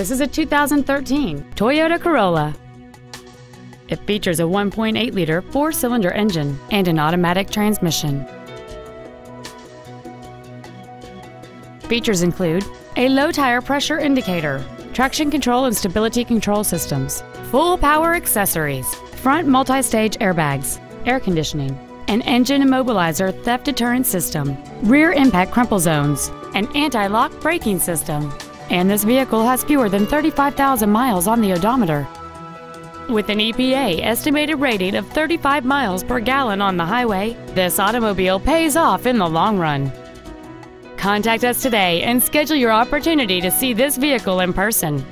This is a 2013 Toyota Corolla. It features a 1.8-liter four-cylinder engine and an automatic transmission. Features include a low-tire pressure indicator, traction control and stability control systems, full power accessories, front multi-stage airbags, air conditioning, an engine immobilizer theft deterrent system, rear impact crumple zones, an anti-lock braking system, and this vehicle has fewer than 35,000 miles on the odometer. With an EPA estimated rating of 35 miles per gallon on the highway, this automobile pays off in the long run. Contact us today and schedule your opportunity to see this vehicle in person.